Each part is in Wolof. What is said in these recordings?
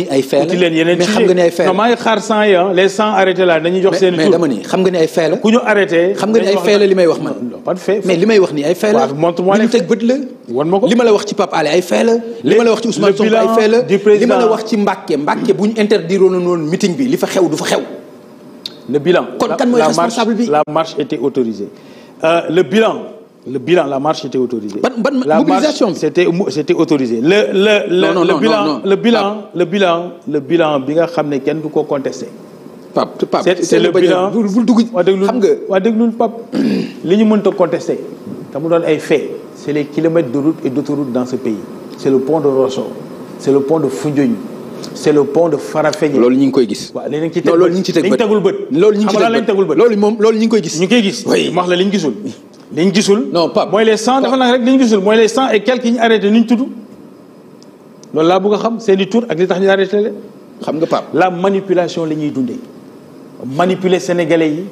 ni ay fee la mais xam nga ni ay i ah, tur mais dama ni xam nga ni ay fee la ku ñu arrêté ay fee li may wax man li may wax ni ay fee li ñu teg bët la li ma la wax ci Pape ay fee li ma la wax ci Ousmane Sonko ay fee la li meeting bi li fa xew du fa xew le bilan kon kan mooy responsable bi la marche était autorisée euh, le bilan la marche était autorisée. ban ban mobilisation la c'était autorisé. le le le non, bilan, non, bilan bi nga xam ne kenn du ko contesté. Pape c'est, c'est le bilan bul dugg waa déglul xam nga waa déglul Pape li ñu mënta contesté te mu doon ay fait c'est les kilomètres de route et d'autoroute dans ce pays c'est le pont de Rosso c'est le pont de Foundiougne c'est le pont de Farafenni. loolu ñu ngi koy gis. waaw léegi ñu ngi moom loolu ñu ngi koy gis. ñu ngi koy gis. oui la li ñu gisul. liñ gisul. non Pape mooy les cent dafa nag rek liñ gisul mooy les cent et quelques yi ñu arrêté ñu tudd loolu laa bëgg a xam seen i tur ak li tax ñu arrêté leen. xam nga Pape la manipulation la ñuy dundee manipuler sénégalais yi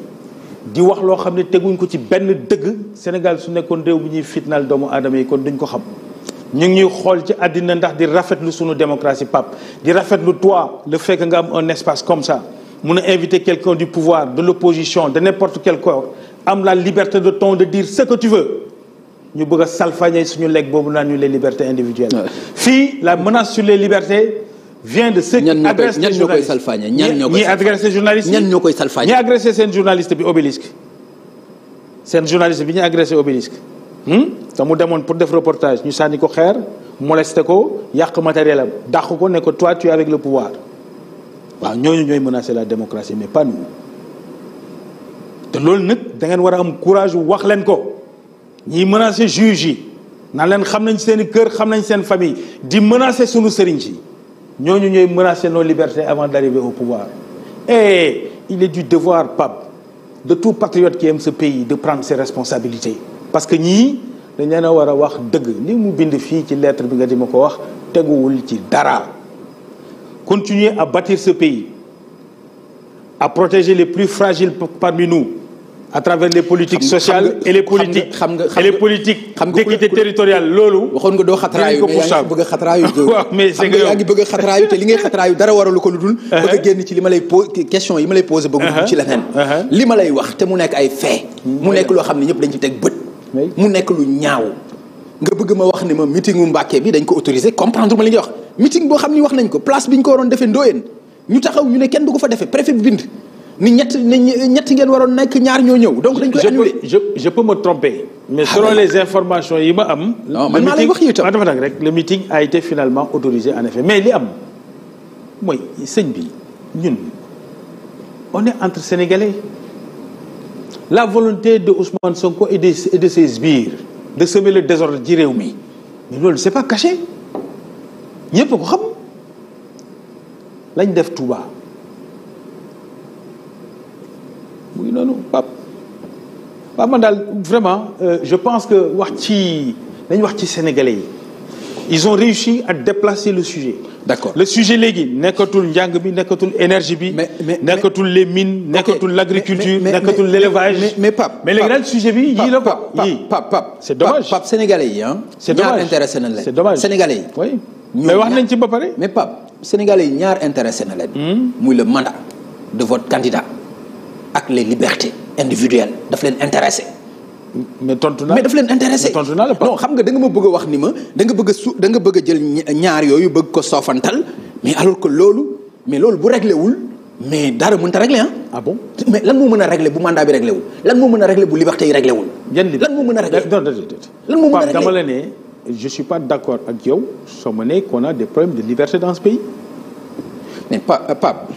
di wax loo xam ne teguñ ko ci benn dëgg Sénégal su nekkoon réew mi ñuy fitnaal doomu aadama yi kon duñ ko xam. ñu ngi ñuy xool ci àddina ndax di rafet rafetlu sunu démocratie pap di rafetlu toi le fait que nga am un espace comme ça mun a inviter quelqu'un du pouvoir de l'opposition de n'importe quel corps am la liberté de ton de dire ce que tu veux ñu bëgg a salfañe suñu lekk boobu naan ñu les libertés individuelles. fii la menace sur les libertés. vient de ceux qui agressent les ñoo koy ñan ñoo koy salfañe ñi agressé journaliste ñan ñoo seen journaliste bi obélisque seen journaliste bi ñu agressé obélisque. Hmm? te mu demoon pour def reportage ñu sani ko xeer molesté ko yàq matériel am dàq ko ne ko toi tu es avec le pouvoir waaw ñooñu ñooy menacer la démocratie mais pas nous. te loolu nag da ngeen war a am courage wu wax leen ko ñii menacer juge yi naa leen xam nañ seen i kër xam nañ seen famille di menacer sunu sëriñ si ñooñu ñooy menacer nos libertés avant d'arriver au pouvoir et eh, il est du devoir Pape de tout patriote qui aime ce pays de prendre ses responsabilités parce que ñii dañ leen a war a wax dëgg li mu bind fii ci lettre bi nga di ma ko wax teguwul ci dara continuer à bâtir ce pays à protéger les plus fragiles parmi nous à travers les politiques sociales et les politiques xam nga loolu. waxoon nga doo xatraayu mais yaa ngi bëgg a xatraayu. waaw mais c'est que yaa a xatraayu te li ngay xatraayu dara waralu ko lu dul. Uh-huh. bëgg a génn ci li ma lay po question yi ma lay posé. bëgg uh-huh. ci leneen. Uh-huh. li ma lay wax te mu nekk ay fait. mu nekk loo xam ne ñëpp dañ ci teg bët. mu nekk lu ñaaw. nga bëgg ma wax ne ma meeting mu Mbàkke bi dañ ko autorisé comprendre ma li nga wax meeting boo xam ne wax nañ ko place ko waroon defee Ndoyeen ñu taxaw ñu ne kenn du ko fa defee préfet bi ni ñett ni ñett ngeen waroon nekk ñaar ñoo ñëw donc dañ koy annulé je je peux me tromper. mais ah, selon les informations yi ma am. non man maa lay wax itam dafa nag rek le meeting a été finalement autorisé en effet mais li am mooy sëñ bi ñun on est entre sénégalais la volonté de Ousmane Sonko et de et de ses sbires de semer le désordre ci réew mi mais loolu c'est pas caché ñëpp ko xam lañ def Touba. noonu pap pap man daal vraiment euh, je pense que wax ci nañ wax ci sénégalais yi ils ont réussi à déplacer le sujet. d'accord le sujet léegi nekkatul njàng bi nekkatul énergie bi. mais mais nekkatul les mines. nekkatul l'agriculture nekkatul l'élevage. mais mais Pape mais léegi daal bi yii la Pape Pape Pape c'est dommage Pape sénégalais yi ah. c'est dommage mais wax nañ ci ba pare. mais Pape sénégalais yi ñaar intéressé na leen. Hmm. muy le mandat de votre candidat. ak les libertés individuelles daf leen intéressé. mais tontu naa mais daf leen intéressé tontu xam nga da nga ma bëgg wax ni ma da nga bëgg a su da nga jël ñaar yooyu bëgg ko soofantal mais alors que loolu mais loolu bu réglé wul mais dara mënut a réglé ah. lan moo mën a réglé bu mandat bi réglé lan moo mën a réglé bu liberté yi réglé lan moo mën a réglé non non lan moo mën a réglé Pape dama la ne je suis pas d'accord ak yow soo ma ne qu'on a des problèmes mais pa euh,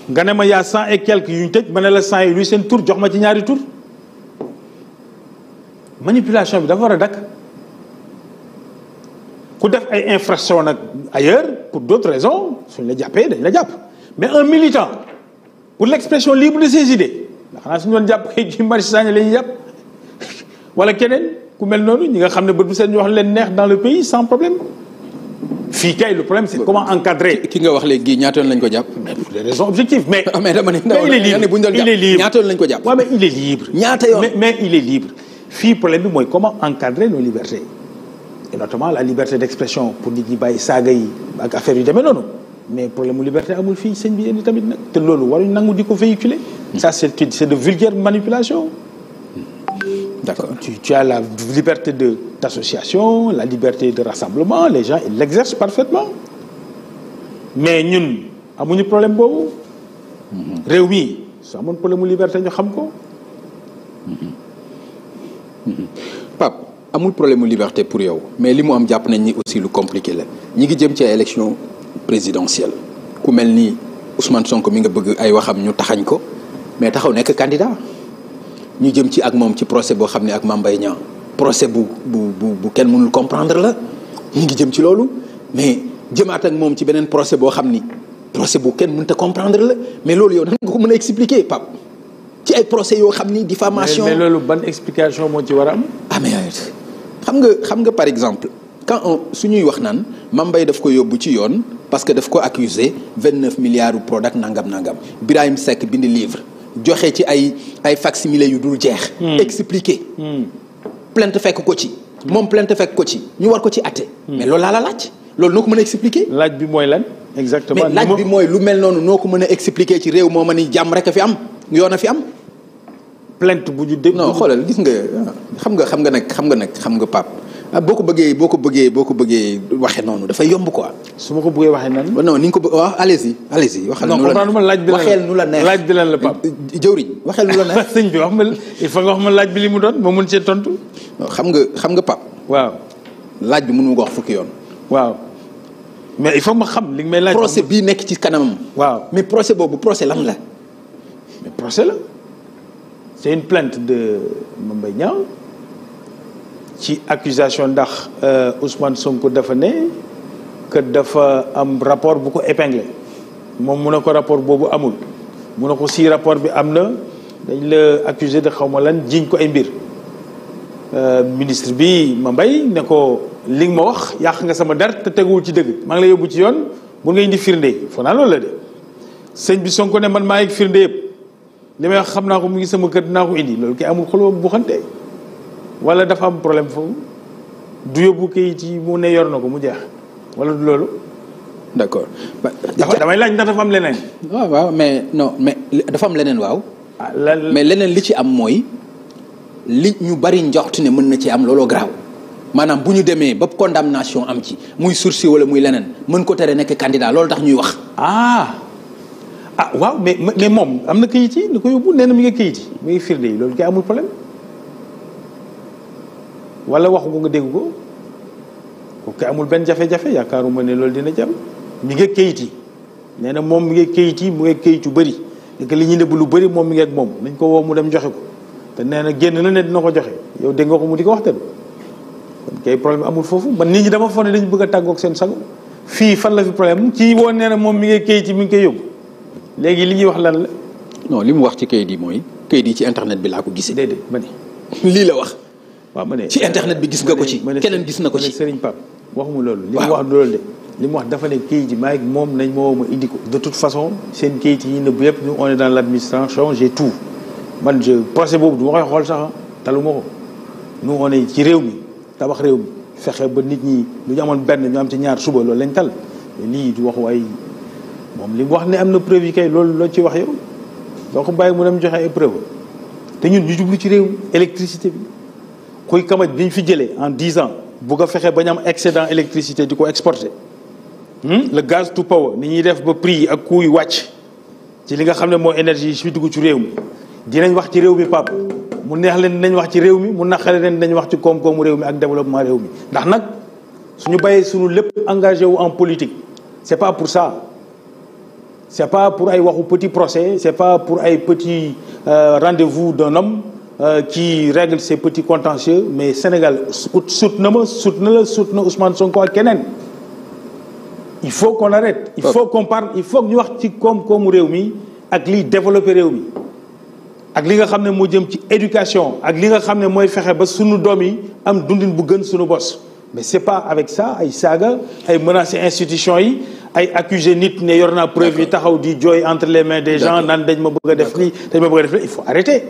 nga ne ma yaa cent et quelques yu ñu tëj ma ne la cent yi luy seen tur jox ma ci ñaari tur manipulation bi dafa war a dakk ku def ay infraction nag ailleurs pour d'autres raisons suñ la jàppee dañ la jàpp mais un militant pour l'expression libre de ses idées ndax xanaa suñu doon jàpp kay ci Marius Sagna la ñuy jàpp wala keneen ku mel noonu ñi nga xam ne bët bu seen ñu wax leen neex dans le pays sans problème fii kay le problème c'est comment encadrer. ki nga wax léegi ñaata yoon lañ ko jàpp. mais pour des raisons objectives mais. mais dama ne il est libre il est libre ñaata yoon lañ ko jàpp. mais il est libre. fii problème bi mooy comment encadrer nos libertés et notamment la liberté d'expression pour nit ñi bàyyi saaga yi ak affaire yu demee noonu mais problème mu liberté amul fii sëñ bi yéen tamit nag te loolu waruñ nangu di ko véhiculer. ça c'est c'est de vulgaire manipulation. D'accord. Tu, tu, as la liberté de association la liberté de rassemblement, les gens, ils l'exercent parfaitement. Mais ñun amuñu problème boobu. Mm-hmm. réew mi su amoon problème liberté ñu xam ko. Mm-hmm. Mm-hmm. Pape amul problème mu liberté pour yow mais li mu am jàpp nañ ni aussi lu compliqué la ñi ngi jëm ci ay élection présidentielle ku mel ni Ousmane Sonko mi nga bëgg ay waxam ñu taxañ ko mais taxaw nekk candidat. ñu jëm ci ak moom ci procès boo xam ne ak Mame Mbaye Niang procès bu bu bu bu kenn munul comprendre la ñu ngi jëm ci loolu mais jëmaat ak moom ci beneen procès boo xam ni procès bu kenn mun mënta comprendre la mais loolu yow nan nga ko mën a expliquer Pape ci ay procès yoo xam ni diffamation mais loolu ban explication moo ci war am. amee ah, mais xam nga xam nga par exemple quand on suñuy wax naan Mame Mbaye daf ko yóbbu ci yoon parce que daf ko accusé vingt neuf milliards u Prodac nangam nangam Birahim Seck bind livre. joxe ci ay ay facsimile yu dul jeex. Hmm. expliquer. Hmm. plainte fekk ko ci. moom plainte fekk ko ci ñu war ko ci àtte. Hmm. mais loolu laa la laaj loolu noo ko mën a expliquer. laaj bi mooy lan. exactement mais laaj bi mooy lu mel noonu noo ko mën a expliquer ci réew moo ma ni jàmm rek a fi am yoon a fi am. plainte bu ñu dégg. non xoolal gis nga ah, xam nga xam nga nag xam nga nag xam nga Pape ah boo ko bëggee boo ko bëggee boo ko bëggee waxee noonu dafay yomb quoi. su ma ko bëggee waxee nan non ni nga ko bëgg waaw allez-y allez-y. waxal nu la non laaj bi waxeel nu la neex laaj bi lan la Pape. Euh, la neex. sëñ bi wax ma il wax ma laaj bi li mu doon ma mun cee tontu. xam nga xam nga Pape. waaw laaj bi mënu ma ko wax fukki yoon. waaw mais il faut ma xam li may laaj. procès bii nekk ci kanamam. waaw mais procès boobu procès lan la. mais procès la c'est une plainte de Mame Mbaye Niang ci accusation ndax euh, Ousmane Sonko dafa ne que dafa am rapport bu ko épinglé moom mu ne ko rapport boobu amul mu ne ko si rapport bi am na dañ la accusé de xaw ma lan jiñ ko ay mbir euh, ministre bi ma mbay ne ko li nga ma wax yàq nga sama dar te teguwul ci dëgg maa ngi lay yóbbu ci yoon bu nga indi firnde foo naa loolu la de sëñ bi Sonko ne man maa ngi firnde yëpp li may xam naa ko mu ngi sama kër dinaa ko indi loolu kay amul xolo bu wala dafa am problème foofu du yóbbu kayit yi mu ne yor na ko mu jeex wala du loolu. accord. dafa damay laaj ndax dafa am leneen. waaw mais non mais dafa am leneen waaw. Ah, mais leneen li ci am mooy li ñu bari njoxtu ne mën na ci am looloo garaaw maanaam bu ñu demee ba condamnation am ci muy sursis wala muy leneen mën ko tere nekk candidat loolu tax ñuy wax. ah ah waaw mais mais moom am na kayit yi da ko yóbbu nee na mi ngi kayit yi muy ngi firnde yi loolu kay amul problème. wala waxu ko nga dégg ko kooku amul benn jafe-jafe yaakaaruma ne loolu dina jam mi ngi kayit yi nee na moom mi ngi kayit yi mu ngi kayit yu bëri li ñu ne lu bëri moom mi ngi moom nañ ko woo mu dem joxe ko te nee na génn na ne dina ko joxe yow dégg nga ko mu di ko wax te kon kay amul foofu man nit ñi dama foog dañu bëgg a tàggoog seen sago fii fan la fi problème ci woon nee na moom mi ngi kayit yi mi ngi koy yóbbu léegi li ñuy wax lan la. non li mu wax ci kayit yi mooy kayit ci internet bi laa ko gis gisee. déedéet ma ne lii la wax. waaw ma ne ci internet bi gis nga ko ci keneen gis na ko ci Serigne Pape waxuma loolu li mu wax loolu de li mu wax dafa ne kayit yi maa moom nañ moo ma indi ko de toute façon seen kayit yi nëbb yëpp ñu on est dans l'administration j'ai tout man je procès boobu du ma koy xool sax talu ma ko nous on ci réew mi tabax réew mi fexe ba nit ñi lu ñu amoon benn ñu am ci ñaar suba loolu lañ tal lii du waxu waaye moom li mu wax ne am na preuve yi kay loolu loo ci wax yow doo ko bàyyi mu dem joxe ay preuve te ñun ñu jublu ci réew mi bi kuy kamaj bi ñu fi jëlee en dix ans bu ko fexe bañ am excédent électricité di ko exporter hmm? le gaz to power ni ñuy def ba prix yi ak kuy wàcc ci li nga xam ne moo énergie si dugg ci réew mi dinañ wax ci réew mi pap mu neex leen dinañ wax ci réew mi mu naqare leen dinañ wax ci koom-koomu réew mi ak développement réew mi ndax nag suñu bàyyee suñu lépp engagé wu en politique c'est pas pour ça c'est pas pour ay waxu petit procès c'est pas pour ay petit euh, rendez-vous d'un homme Euh, qui règle ses petits contentieux mais Sénégal sut na ma sut na la sut na Ousmane Sonko ak keneen il faut qu'on arrête il faut qu'on parle il faut que ñu wax ci koom-koomu réew mi ak liy développé réew mi ak li nga xam ne moo jëm ci éducation ak li nga xam ne mooy fexe ba sunu doom yi am dundin bu gën sunu bos mais c'est pas avec ça ay saaga ay menacer institution yi ay accuser nit ne yor naa preuve yi taxaw di jooy entre les mains des gens naan dañ ma bëgg a def lii dañ ma bëgg a def lii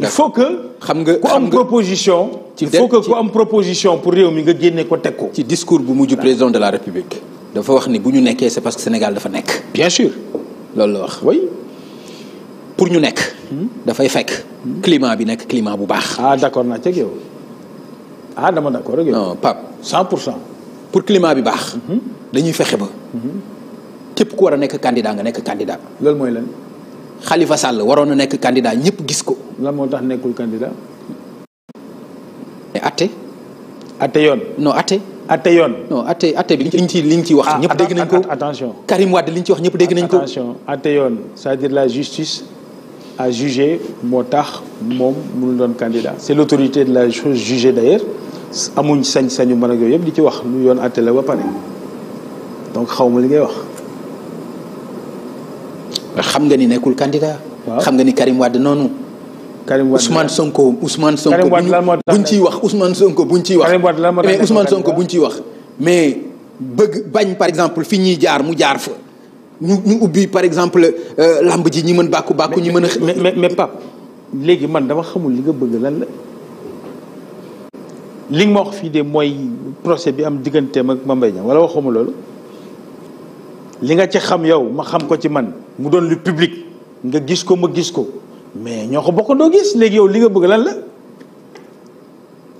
il faut que. xam nga ku am proposition. ci il faut que am proposition pour réew mi nga génne ko teg ko. ci discours bu mujj président de la république. dafa wax ni bu ñu nekkee c'est parce que Sénégal dafa nekk. bien sûr loolu la wax. oui pour ñu nekk. Hmm? dafay fekk. Hmm? climat bi nekk climat bu baax. ah d'accord naa ceeg yow ah dama d'accord ak yow. non Pape. pour cent. pour climat bi baax. Hmm? dañuy fexe ba. képp ku war a nekk candidat nga nekk candidat. loolu mooy lan. Khalifa Sall waroon a nekk candidat ñëpp gis ko. lan moo tax nekkul candidat. mais atte. atte yoon non atte. atte yoon non atte atte bi liñ ci liñ ci wax. Ah, ñëpp dégg nañ ko attention Karim Wade liñ ci wax ñëpp dégg nañ ko. attention atte yoon cest la justice a jugé moo tax moom mënul doon candidat. c'est l'autorité de la chose jugée d'ailleurs amuñ sañ-sañu mën ak yooyu yëpp li ci wax lu yoon atte la ba pare donc xaw ma li ngay wax. xam nga ni nekkul candidat. xam nga ni Karim Wade noonu. Karim Wade Ousmane Sonko Ousmane Sonko. buñ ciy wax Ousmane Sonko buñ ciy wax. mais Ousmane Sonko buñ ciy wax. mais bëgg bañ par exemple fi ñuy jaar mu jaar fa. ñu ñu ubbi par exemple euh, lamb ji ñi mën bàkku bàkku ñi mën a. mais mais mais léegi man dama xamul li nga bëgg lan la. li nga ma wax fii de mooy procès bi am digganteem ak Mame Mbaye Niang wala waxuma loolu. li nga ci xam yow ma xam ko ci man mu doon lu public nga gis ko ma gis ko mais ñoo ko bokk gis léegi yow li nga bëgg lan la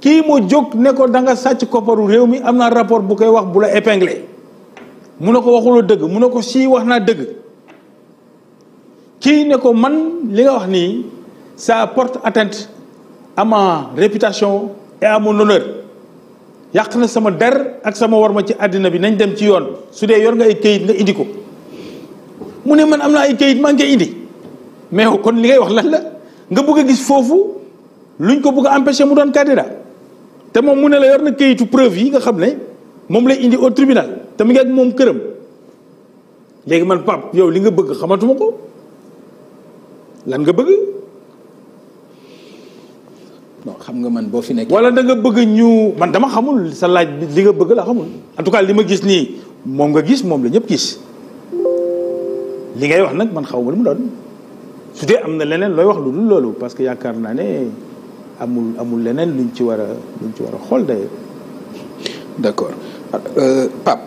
kii moo jóg ne ko da sàcc kopparu réew mi am naa rapport bu koy wax bu la épinglé mu ne ko waxuloo dëgg mu ne ko sii wax naa dëgg kii ne ko man li nga wax nii sa porte atteinte à réputation et à mon yàq na sama der ak sama war ma ci àddina bi nañ dem ci yoon su dee yor nga ay kayit nga indi ko mu ne man am na ay kayit maa ngi ko indi mais kon li ngay wax lan la nga bëgg a gis foofu luñ ko bëgg a mu doon candidat te moom mu ne la yor na kayitu preuve yi nga xam ne moom lay indi au tribunal te mu ngi ak moom këram léegi man Pape yow li nga bëgg xamatuma ko lan nga bëgg. xam nga man boo fi nekk. wala da nga bëgg ñu man dama xamul sa laaj bi li nga bëgg la xamul en tout cas li ma gis nii moom nga gis moom la ñëpp gis li ngay wax nag man xaw ma lu mu doon su dee am na leneen looy wax lu dul loolu parce que yaakaar naa ne amul amul leneen lu luñ ci war a luñ ci war a xool day d'accord euh, Pape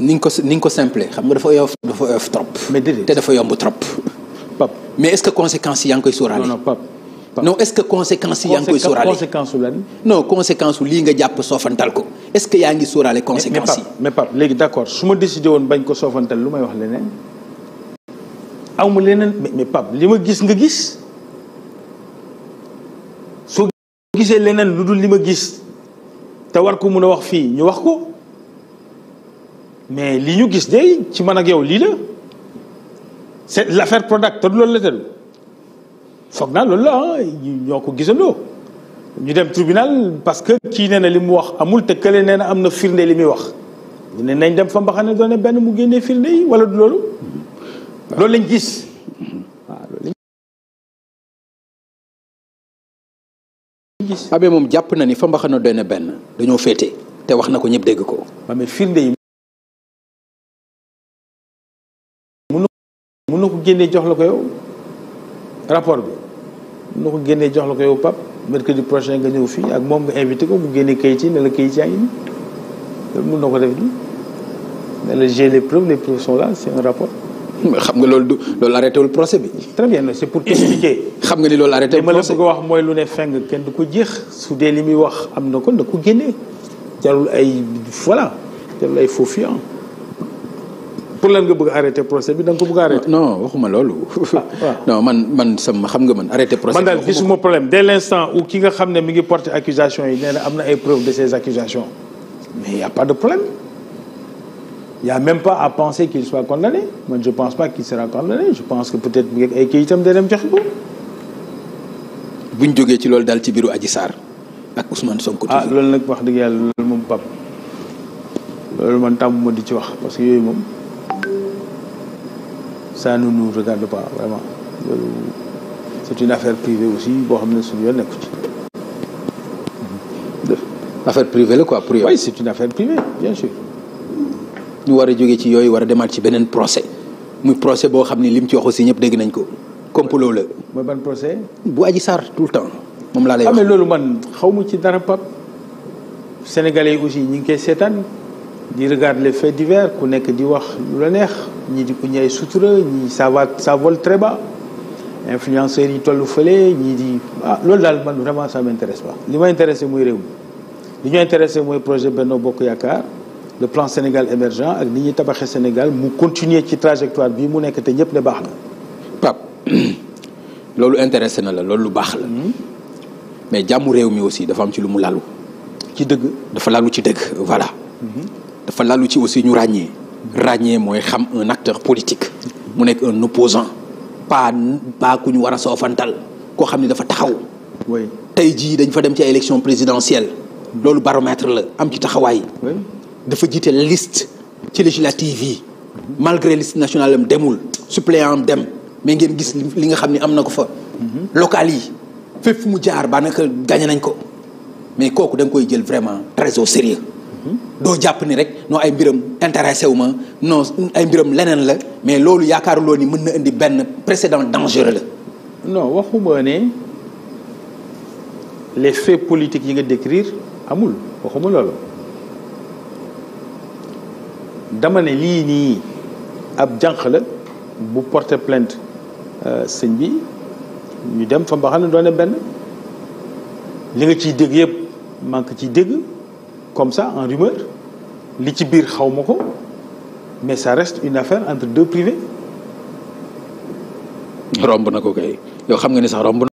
ni nga ko ni nga ko simple xam nga dafa oyof dafa oyof trop. mais déedéet te dafa yomb trop. Pape mais est-ce que conséquences yaa ngi koy sóoraale. non non non est-ce que conséquences yi yaa ngi koy sóoraale conséquence su lan non conséquence su lii nga jàpp soofantal ko est-ce que yaa ngi sóoraale conséquences yi mais Pape léegi d'accord su ma décidé woon bañ ko soofantal lu may wax leneen aw ma leneen mais Pape li ma gis nga gis su gisee leneen lu dul li ma gis te war ko mun a wax fii ñu wax ko mais li ñu gis de ci man ak yow lii la c'est l'affaire Prodac te du loolu la foog naa loolu la ah, ñoo ko gisandoo ñu dem tribunal parce que ci nee li mu wax amul te kële nee na am na firnde li muy wax ne nañ dem fa mbaxane doone benn mu génnee firnde yi wala loolu loolu lañ gis abe moom jàpp na ni fa mbaxana doy benn dañoo féete te wax na ko ñëpp dégg ko waa mais firnde yi jox la ko yow noo ko génnee jox la ko yow Pape mercredi prochain nga ñëw fii ak moom nga invité ko mu génnee kayit yi ne la kayit mun na ko def nii ne la j'ai les preuves les preuves sont c'est un rapport. xam nga loolu du loolu arrêté wul procès bi. très bien c'est pour expliquer. xam nga ni loolu arrêté wul procès bi ma la ko wax mooy lu ne feng kenn du ko jeex su dee li muy wax am na ko na ko génnee jarul ay voilà jarul ay faux pour lan nga bëgg arrêté procès bi da nga ko bëgg arrêté. non waxuma loolu. Ah, non man man sama xam nga man arrêté. procès bi man daal gisuma problème dès l' instant ki nga xam ne mi ngi porté accusation yi nee am na ay preuves de ces accusations mais y' a pas de problème y' même pas à penser qu'il soit condamné man je pense pas qu'il sera condamné je pense que peut-être bu ay kayitam day dem joxe ci loolu daal ci biiru Adji Sarr ak Ousmane Sonko. ah loolu nag wax dëgg yàlla loolu moom Pape loolu di ci wax ça ne nous regarde pas vraiment loolu c'est une affaire privée aussi boo xam ne suñu yoon nekku ci. affaire privée la quoi pour yow. ñu war a jógee ci yooyu war a demaat ci beneen procès muy procès boo xam ne li ci wax aussi ñëpp dégg nañ ko complot la. mooy ban procès. bu Adji Sarr tout le temps moom laa lay ah, loolu man xaw ma ci dara pap sénégalais aussi ñu ngi koy seetaan di regarder les faits divers ku nekk di wax lu la neex. ñi di ku ñi ay sutura ñi ça va ça vole très bas influenceurs yi tollu fële ñii di ah loolu daal man vraiment ça m'intéresse pas li ma intéressé mooy réew mi ñu intéressé mooy projet benn Bokk Yaakaar le plan Sénégal émergent ak ni ñuy tabaxee Sénégal mu continuer ci trajectoire bii mu nekk te ñëpp ne baax na. Pape loolu intéressé na la loolu lu baax la. Hmm? mais jàmmu réew mi aussi dafa am ci lu mu lalu. ci dëgg dafa lalu ci dëgg voilà. Hmm? dafa lalu ci aussi ñu ràññee. ràññee mooy xam un acteur politique mu nekk un opposant pas paa ku ñu war a soofantal koo xam ne dafa taxaw tey jii dañ fa dem ci élection présidentielle loolu baromètre la am ci taxawaay dafa jiite liste ci législative yi malgré liste nationale am demul suppléant am dem mais ngeen gis li nga xam ne am na ko fa mhm. local yi fépp fu mu jaar ba naka gagné nañ ko mais kooku da koy jël vraiment très au sérieux mhm. doo jàpp ni rek noo ay mbiram intéressé wu ma non ay mbiram leneen la mais loolu yaakaaruloo ni mën na indi benn précédent dangereux la. non waxuma ne les faits politiques yi nga décrire amul waxuma loolu dama ne lii nii ab jànq la bu porter plainte euh, sëñ bi ñu dem fa mbaxal na doone benn li nga ciy dégg yëpp man ko ciy dégg comme ça en rumeur. li ci biir xaw ma ko mais ça reste une affaire entre deux privés. romb na ko kay yow xam nga ne sax romb